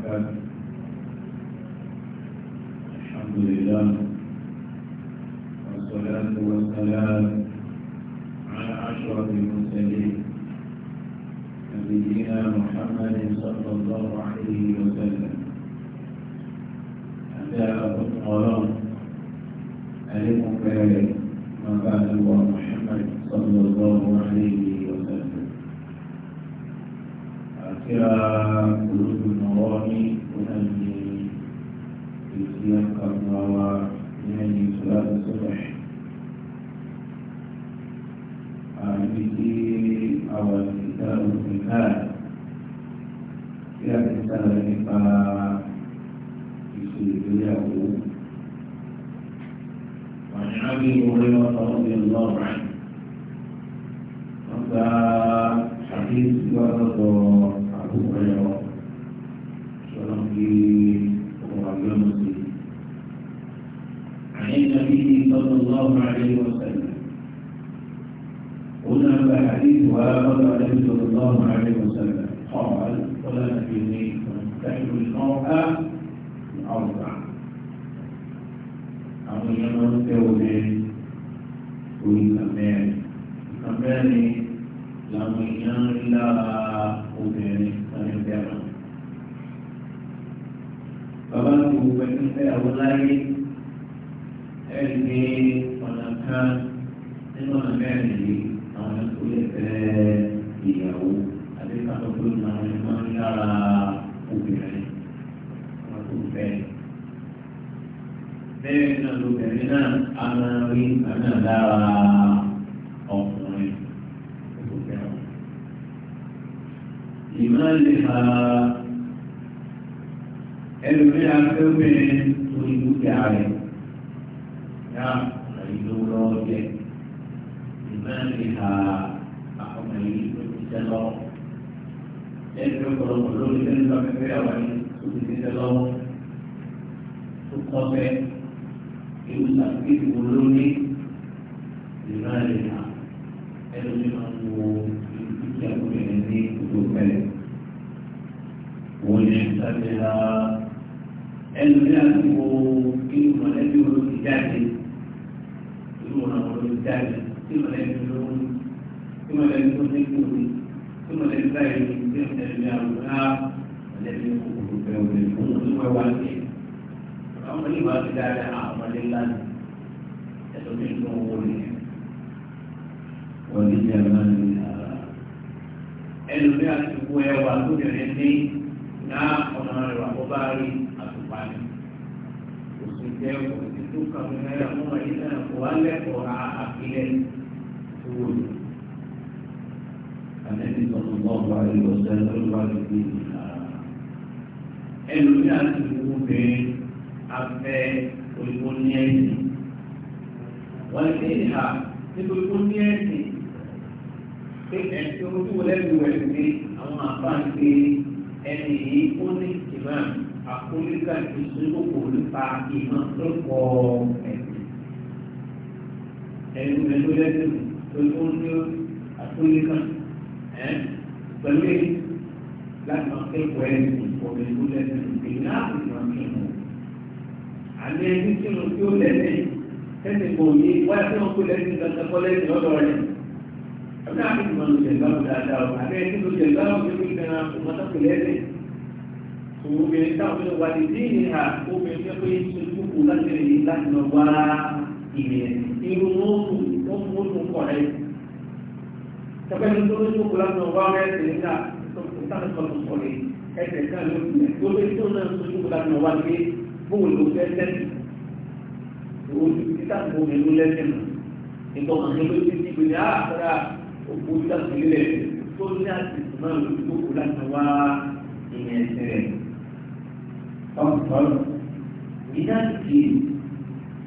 وبركاته الحمد لله والصلاة والسلام على عشرة المرسلين نبينا محمد صلى الله عليه وسلم أداء القرآن ألم كريم مكان محمد صلى الله عليه وسلم أكرم الله ونهي يسيق الله ونهي صلاة الصبح عندي أول كتاب الكتاب يا كتاب الكتاب يسيق اليهود وعن أبي هريرة رضي èèyàn máa ń fẹ́ obìnrin orí kàmẹ́rin kàmẹ́rin làwọn èèyàn ń lára obìnrin láti bẹ̀rẹ̀. bàbá mi wò pé ń fẹ́ àwọn láyé ọ̀nà kan nínú ọ̀nà a máa rí nǹkan náà lára ọkùnrin tó fẹ́ràn. ìmọ̀ lè fa ẹlòmíràn afẹ́fẹ́ torí dúkìá rẹ̀ yá ìlú lọ́wọ́ jẹ́ ìmọ̀ lè fa akọ̀mọ̀ tó ti tẹ́ ẹgbẹ́ ọ̀pọ̀lọpọ̀ lórí ẹni tó àwọn ẹni tó ti tẹ́ tó kọ́ bẹ́ẹ̀ ìwúta bí olórí ìlà ìlà ẹni tí wọn wo ìdíje àkọsílẹ̀ ní gbogbo pẹ̀lú wọn yẹn sábẹ́ ha ẹni tí a ti wo inú mọ̀lẹ́bí olórí jáde inú mọ̀lẹ́bí olórí jáde tí mọ̀lẹ́bí olórí tí mọ̀lẹ́bí tó ti kú ni tí mọ̀lẹ́bí báyìí ni tí mọ̀lẹ́bí àwọn ará mọ̀lẹ́bí kò kò bẹ̀rù bẹ̀rù fún wọn ní wọn wá sí àwọn onímọ̀ àti dáadáa àpàlẹ́ láàyè ẹlòmí ló ń wọlé wọlé ní ẹ̀rọ ní ara ẹlòmí àtúkú ẹwà tó bẹ̀rẹ̀ ní náà ọmọ rẹ̀ wà kó bá rí àtùpà ní oṣù jẹ́ òṣù tó kàwé náírà fún wa yìí náà kó wá lẹ́kọ̀ọ́ àpilẹ̀ tó wọlé. Àtẹ̀sí sọ̀tún bọ́ọ̀lù àríwọ̀ sẹ́yìn ló wà lórí ìlú náà. Ẹlòmí àtúkú bẹ̀rẹ̀ afẹ́ olùkọ́ ní ẹ̀sìn wọ́n ti ní ìhà nítorí kó ní ẹ̀sìn pé ẹ̀sìn ohun tí wọ́n lẹ́nu rẹ̀ pé àwọn àbáń pé ẹni yìí ó ní ìmọ̀ àkólíkà ìṣòkòkò nípa ìmọ̀ tó kọ ẹ̀sìn ẹni rẹ̀ ló lẹ́sìn pé ó ní àkólíkà pẹ̀lú láti máa kẹ́kọ̀ọ́ ẹ̀sìn ọ̀gbìn ló lẹ́sìn ìmọ̀ àmì ẹni tí mo tí ó lẹ́sìn tẹ́sìn kò ní wáyé tí wọ́n kó lẹ́sìn kankan kọ́ lẹ́sìn lọ́dọ̀ rẹ̀ ọdún àti ìmọ̀ ló jẹ̀ gbáwó dáadáa o àmì ẹni tó jẹ̀ gbáwó tó fi gan an kò mọ́tò kò lẹ́sìn òun obìnrin táwọn ọmọ wa ti dín ní ha obìnrin tó pé sojú kù láti rìn láti lọ wá ìrìn irun ó kù ó kù ó kù kọ̀ rẹ̀ tẹ́pẹ́ ní tó lójú kù láti lọ wá ẹ̀sìn nígbà tó kù sáà ẹsẹ̀ kan ló fi ẹ̀ tó lé tó náà sojú kù láti lọ wá gbé bóun ló fẹ́ tẹ́sí ojú títà tó mi ló lẹ́sẹ̀ mọ́ nígbà wọn ló ti di pé á kọ́ra òkú títà tó lẹ̀ tó ní àti ìsúná ló ti kókó láti wá ìyẹn ẹsẹ̀ rẹ̀ ọ̀pọ̀lọpọ̀ ìdá ti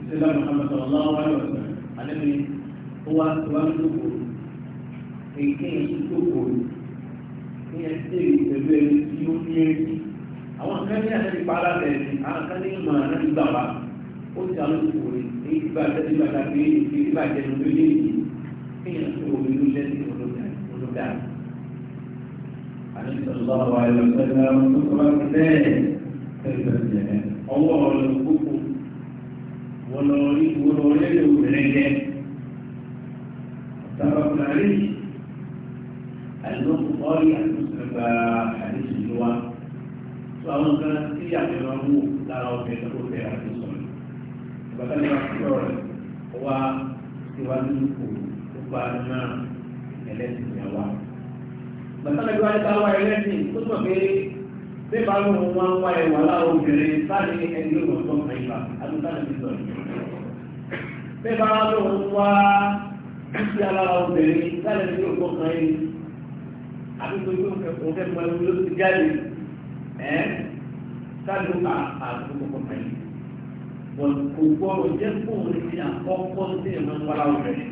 ìṣẹ̀lẹ̀ Muhammad sallallahu alaihi wa sallam alẹ́mi ó wá tó wá lóko èké ìṣókòrò ní ẹsẹ̀ ìpẹ̀lú ẹni tí ó ní ẹni àwọn kan ní àtẹ́bí pàálà bẹ̀rẹ̀ ní àwọn kan ní ìmọ̀ àtẹ́bí gbàgbà ó ti àwọn ìṣòro rẹ̀ èyí ti bá àtẹ́bí gbàgbà pé èyí ti bá jẹun ló dé èyí kéèyàn tó omi ló jẹ́ sí ológa. àti sọ̀rọ̀ àwọn àìlọ́sọ̀rọ̀ àwọn tó kọ́ ti bẹ́ẹ̀ tẹ̀lé ọwọ́ ọ̀rọ̀ gbogbo wọn lọ rí wọn lọ rí ẹ̀rọ obìnrin jẹ ọ̀tàbàkùnrin àlọ́ àwọn nǹkan tí àjọyọ̀ ń wò lára ọbẹ̀ tó fẹ́ àti sọ̀rọ̀ ìbátá ni wọ́n fi lọ́rọ̀ rẹ̀ ó wá síwájú kò ó gba náà ẹlẹ́sìn yẹn wá. ìbátá ni wọ́n ti wá ẹlẹ́sìn tó mọ̀ pé bí bá ló wọn máa ń wá ẹwà lára obìnrin láti ẹni ló wọn tán àyíká adúláyé ti sọ bí bá wọn wá títí alára obìnrin láti ẹni ló wọn tán àyíká àbí gbogbo òfẹ́ fún ẹni ló ti jáde káàdì ó kà àdúgbò kọ̀ọ̀kan yìí wọ́n kò gbọ́dọ̀ jẹ́ fóun ní àkọ́kọ́ tí èèmọ̀ ń wára ọ̀rẹ́ rẹ̀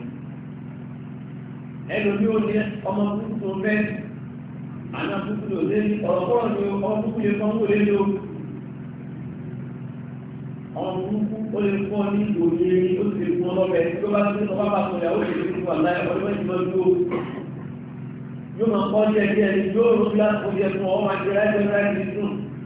ẹlòmí ó ní ọmọ burúkú tó fẹ́ àná burúkú tó lé ní ọ̀rọ̀kọ́rọ̀ ni ọmọ burúkú lè fọ́n wọlé ní o ọmọ burúkú ó lè fọ́ ní òye ó sì lè fún ọlọ́bẹ tó bá tún ọba bá sọ̀rọ̀ ó lè fún wà láyé ọdún mẹ́jọ lọ dúró yóò máa kọ́ díẹ̀ díẹ̀ yóò rú bí láti fún ọmọ àti ẹ̀rọ ẹ̀jẹ̀ láti dùn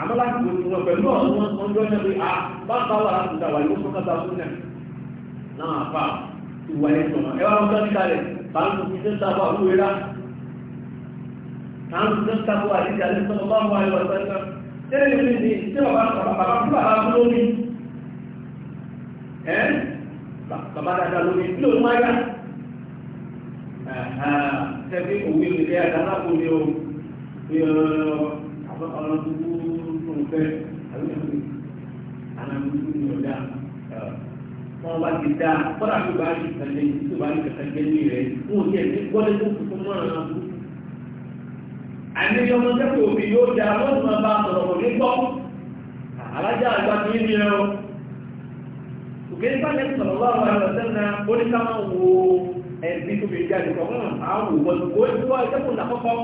àmọ́ láti wo ti wọn pẹ̀lú ọ̀rọ̀ wọn wọn jọ náà pé a ah, bá bá wà láti dà wà ní oṣù kọta fún náà náà àpá ìwà ẹ̀ sọ̀rọ̀ ẹ wá wọn tọ́jú kalẹ̀ báńkì fi sẹ́ńtà bá wù wẹ́rà báńkì sẹ́ńtà bá wà ní ìdálẹ́ sọ́kọ̀ bá wà ìwà sẹ́ńtà tẹ́lẹ̀ mi ni tí wọ́n bàbá fún bàbá fún lómi ẹ́ bàbá dáadáa lómi tí òun máa yá tẹ́lẹ̀ fẹ́ àlùfẹ́ àlùfẹ́ ní ọ̀dà wọn bá ti dá kọ́dà tó bá rí kàlẹ́ tó bá rí kàkàjẹ́ ní rẹ̀ wọn ò tiẹ̀ ní wọlé tó kù fún mọ́ra àìníyàn ọmọ tẹ́kọ̀ọ́ òbí yóò dá wọ́n máa bá sọ̀rọ̀ kò ní gbọ́ alájà àgbà kì í ní ẹ o òkè nípa ní sọ̀rọ̀ wà wà lọ sẹ́nà ó ní káwọn wo ẹ̀bí tó fi jáde kọ̀ àwọn òwò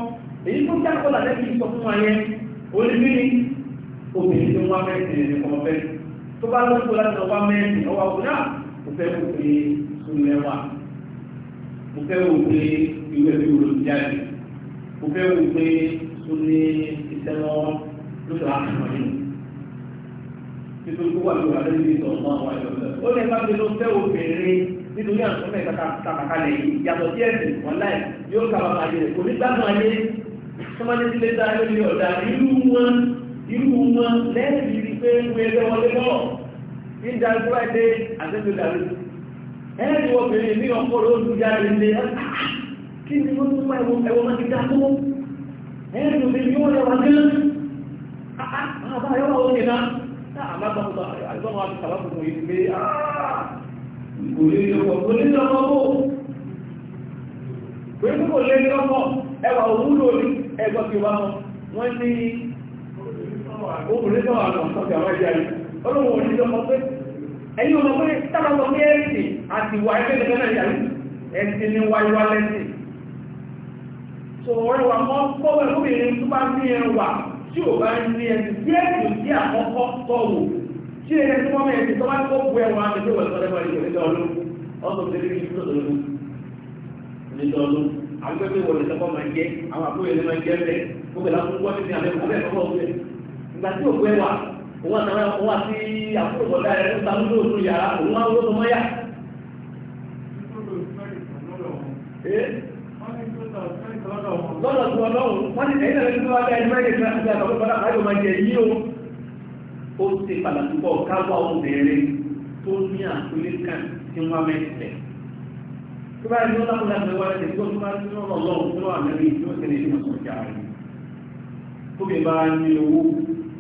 kò obìnrin tó wá mẹ́sìn ẹ̀rẹ̀ ọmọ bẹ́ẹ̀ tó bá lóṣù láti lọ wá mẹ́sìn ọwọ́ àwọn náà mo fẹ́ wò pé sunlẹ̀ wà mo fẹ́ wò pé ìwé mi wò ló ti jáde mo fẹ́ wò pé sunlẹ̀ iṣẹ́ lọ́wọ́ lóṣù láti lọ yìí nítorí kó wà lóṣù láti lè sọ ọmọ àwọn ẹ̀rọ ó lè má fi ló fẹ́ obìnrin nítorí àtúntò mẹ́ta kàkàkà lẹ̀ yìí yàtọ̀ sí ẹ̀sìn ọ̀nláì yóò kàwá ayé rẹ̀ kò ní gbàgbọ́ ayé sọmọdé ti lé dáa lórí ọ̀dà ìlú wọn irú wọn lẹ́yìn rí pé ń gbé lẹ́wọlé lọ́wọ́ ní ìdájú ẹ̀dẹ́ àtẹ́gbẹ̀dàrí ẹ̀rẹ́ ìwọ̀ pèrè ní ọkọ̀ rẹ̀ ojú kí ni wọ́n tún máa ẹwọ máa ti dá tó ẹ̀rẹ́ ìwọ̀ pèrè yóò lẹ́wà gẹ́lẹ́ àbá yọ́wà ó nìna àmàgbàmùsọ̀ àti sàbàkùnkùn yìí obìnrin náà àlọ́ ọ̀sán àwọn ìyá yìí ọlọ́wọ́ òní lọ mọ̀ pé ẹ̀yìn ọmọ pé tábà sọ pé ẹ̀sìn àti ìwà ẹgbẹ́ ìgbẹ́ náà yà yìí ẹ̀sìn ni wáyé wá lẹ́sìn so ọ̀rẹ́ wa mọ́ kọ́wọ́ obìnrin tó bá ní ẹwà tí ò bá ní ẹ̀sìn tí ẹ̀sìn sí àkọ́kọ́ tọ̀wọ̀ tí ẹ̀sìn tí wọ́n mẹ́ ẹ̀sìn tó bá kọ́ bu ẹwà àti ìwà ìtọ́lẹ́wà ìjọba ọlọ́run ọ̀sọ̀ agbẹ́gbẹ́ wọlé sọ́kọ́ máa jẹ́ àwọn àbúrò yẹn máa jẹ́ bẹ́ẹ̀ gbogbo ìlànà wọn ti ní alẹ́ kọ́ bẹ́ẹ̀ ìgbà tí ụwa na òun àtàwọn ẹranko wá sí àkókò bọ̀dá rẹ̀ ló sáré lóòótọ́ yàrá òun máa ń wó tó mọ́ yá. lọ́dọ̀ tó ọlọ́run wọ́n ti tó mẹ́rin àtàwọn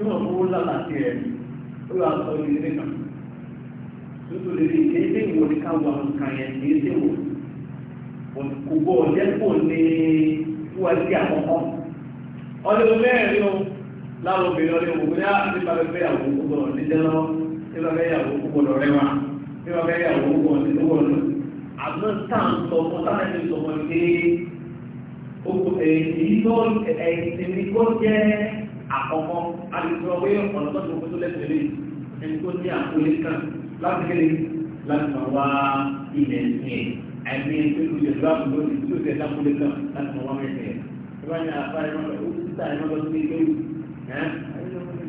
tí wọ́n fowó lálà sí rẹ̀ ó yọ aṣọ ní ilé kan tuntun lè ní kéde ìwọ ní ká wà nǹkan yẹn ní ilé wò kò gbọ́ ọ̀jẹ́ kò ní fúwájú àkọ́kọ́ ọdún mẹ́rin o láwọn obìnrin ọdún òkú ní àbíbá fẹ́ fẹ́ yàwó kó gbọ́dọ̀ ní jẹ́lọ́ bíbá fẹ́ yàwó kó gbọ́dọ̀ rẹwà bíbá fẹ́ yàwó kó gbọ́dọ̀ ní gbọ́dọ̀ àmọ́ táà ń sọ fún táà ń sọ fún ẹ èyí tó ẹ̀sìn ní kó jẹ́ àkọ́kọ́ alùpùpù pé ọ̀nà tó ti wọ́n tó lẹ́sẹ̀ lé ẹni tó ní àkólé kan láti kéde láti máa wá ilẹ̀ ẹ̀sìn ẹ̀ ẹ̀mí tó ti lè lọ́wọ́ àbúrò ní tí ó tẹ̀ lákólé kan láti máa wá mẹ́sẹ̀ ẹ̀ ìwà ni àfa ẹ̀rọ ó ti ta ẹ̀rọ lọ sí ilé ìwé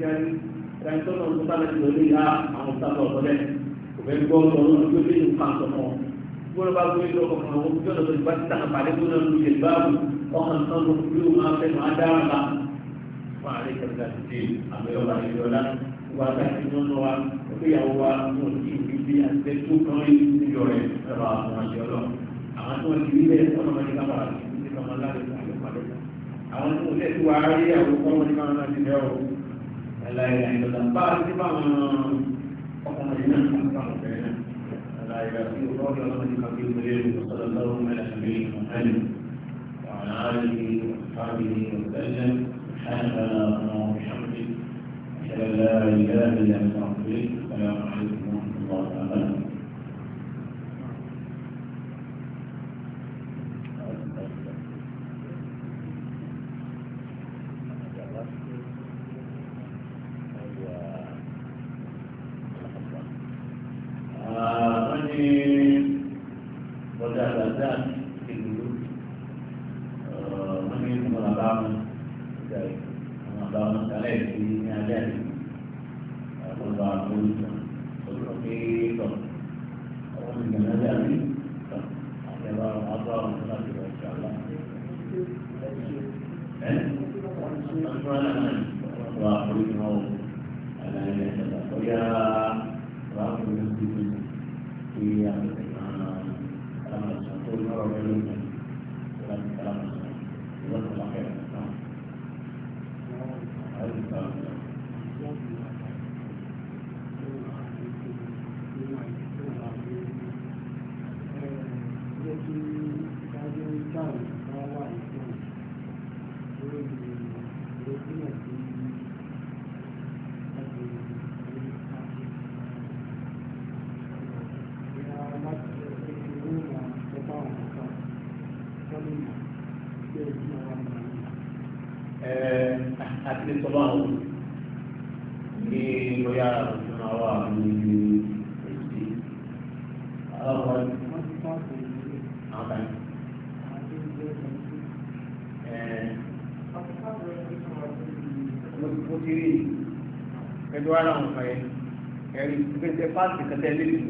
ẹ̀ ẹ̀ tó lọ sí bàbá ìlú ní ìhà àwọn sábà ọ̀tọ́lẹ̀ kan àwọn ojú ọ̀dọ̀ tó ti bá ti tàn àpàdé tó náà lu ìyẹ̀dùbáàbù ọkàn tán ló fi ó máa fẹ́ máa dára fún àlẹ́ ìjọba ti àbẹ̀wò àyẹ̀wòlá wà á dájú nínú wa ìgbéyàwó wa mú kí ìlú bí àti tó kàn ń yọ rẹ̀ ẹ̀rọ àwọn àjọ lọ. àwọn tí wọ́n ti rí bẹ́ẹ̀ wọ́n máa ní ká bàa ti ní ká máa láre fún àyẹ̀wò àlẹ́ àwọn tí wọ́n tẹ̀ rí àwọn kọ́ ní máa láti bẹ́ẹ̀ o ẹ̀láyé àyẹ̀wòlá bá a ti bá wọn ọkùnrin náà وصلى الله على نبينا محمد وعلى اله وصحبه وسلم سبحانك اللهم وبحمدك أشهد أن لا إله إلا أنت أستغفرك السلام عليكم ورحمة الله وبركاته àti lè sọ́mọ́ àwọn ní lóyà òṣùnà wà ní èsì aláwọ̀ àwọn kan. mo ti rí ẹjọ́ ara wọn fẹ́ ẹ̀rí ìgbésẹ̀ páàkì kẹtẹ́ lẹ́yìn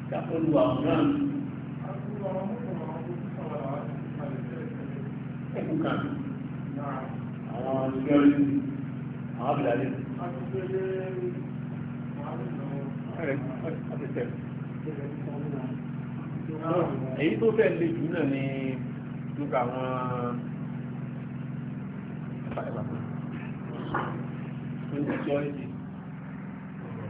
ìjà olùwà náà. ní ọdún yìí àwọn abìlà lè. èyí tó fẹ́ lè jù náà ni lóka àwọn ìfàyàbà tó ń sọ ẹ́ sí.